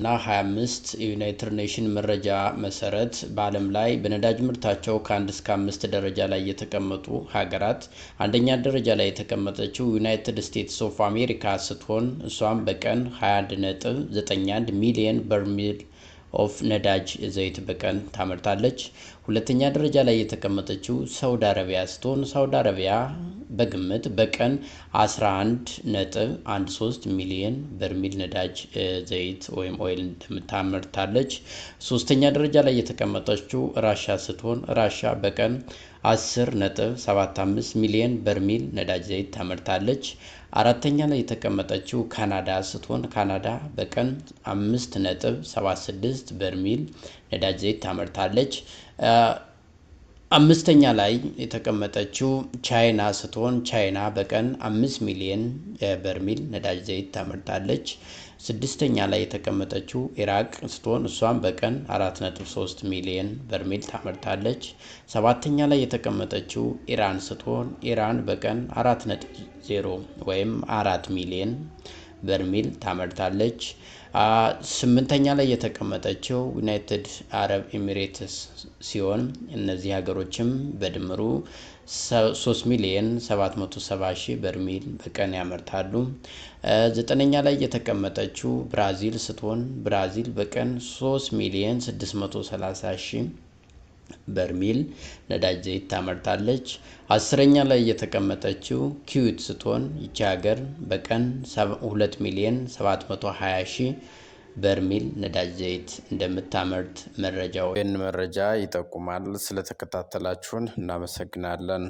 እና 25 የዩናይትድ ኔሽን መረጃ መሰረት በዓለም ላይ በነዳጅ ምርታቸው ከአንድ እስከ አምስት ደረጃ ላይ የተቀመጡ ሀገራት አንደኛ ደረጃ ላይ የተቀመጠችው ዩናይትድ ስቴትስ ኦፍ አሜሪካ ስትሆን እሷም በቀን 21.91 ሚሊየን በርሚል ኦፍ ነዳጅ ዘይት በቀን ታመርታለች። ሁለተኛ ደረጃ ላይ የተቀመጠችው ሳውዲ አረቢያ ስትሆን ሳውዲ አረቢያ በግምት በቀን 11.13 ሚሊየን በርሜል ነዳጅ ዘይት ወይም ኦይል እንደምታመርታለች። ሶስተኛ ደረጃ ላይ የተቀመጠችው ራሻ ስትሆን ራሻ በቀን 10.75 ሚሊየን በርሜል ነዳጅ ዘይት ታመርታለች። አራተኛ ላይ የተቀመጠችው ካናዳ ስትሆን ካናዳ በቀን 5.76 በርሜል ነዳጅ ዘይት ታመርታለች። አምስተኛ ላይ የተቀመጠችው ቻይና ስትሆን ቻይና በቀን አምስት ሚሊየን በርሚል ነዳጅ ዘይት ታመርታለች። ስድስተኛ ላይ የተቀመጠችው ኢራቅ ስትሆን እሷም በቀን 4.3 ሚሊየን በርሜል ታመርታለች። ሰባተኛ ላይ የተቀመጠችው ኢራን ስትሆን ኢራን በቀን 4.0 ወይም አራት ሚሊየን በርሜል ታመርታለች። ስምንተኛ ላይ የተቀመጠችው ዩናይትድ አረብ ኤሚሬትስ ሲሆን እነዚህ ሀገሮችም በድምሩ 3 ሚሊየን 770 ሺህ በርሜል በቀን ያመርታሉ። ዘጠነኛ ላይ የተቀመጠችው ብራዚል ስትሆን ብራዚል በቀን 3 ሚሊየን 630 ሺህ በርሚል ነዳጅ ዘይት ታመርታለች። አስረኛ ላይ የተቀመጠችው ኪዩት ስትሆን ይቺ ሀገር በቀን 2 ሚሊዮን 720 ሺህ በርሚል ነዳጅ ዘይት እንደምታመርት መረጃው ይህን መረጃ ይጠቁማል። ስለተከታተላችሁን እናመሰግናለን።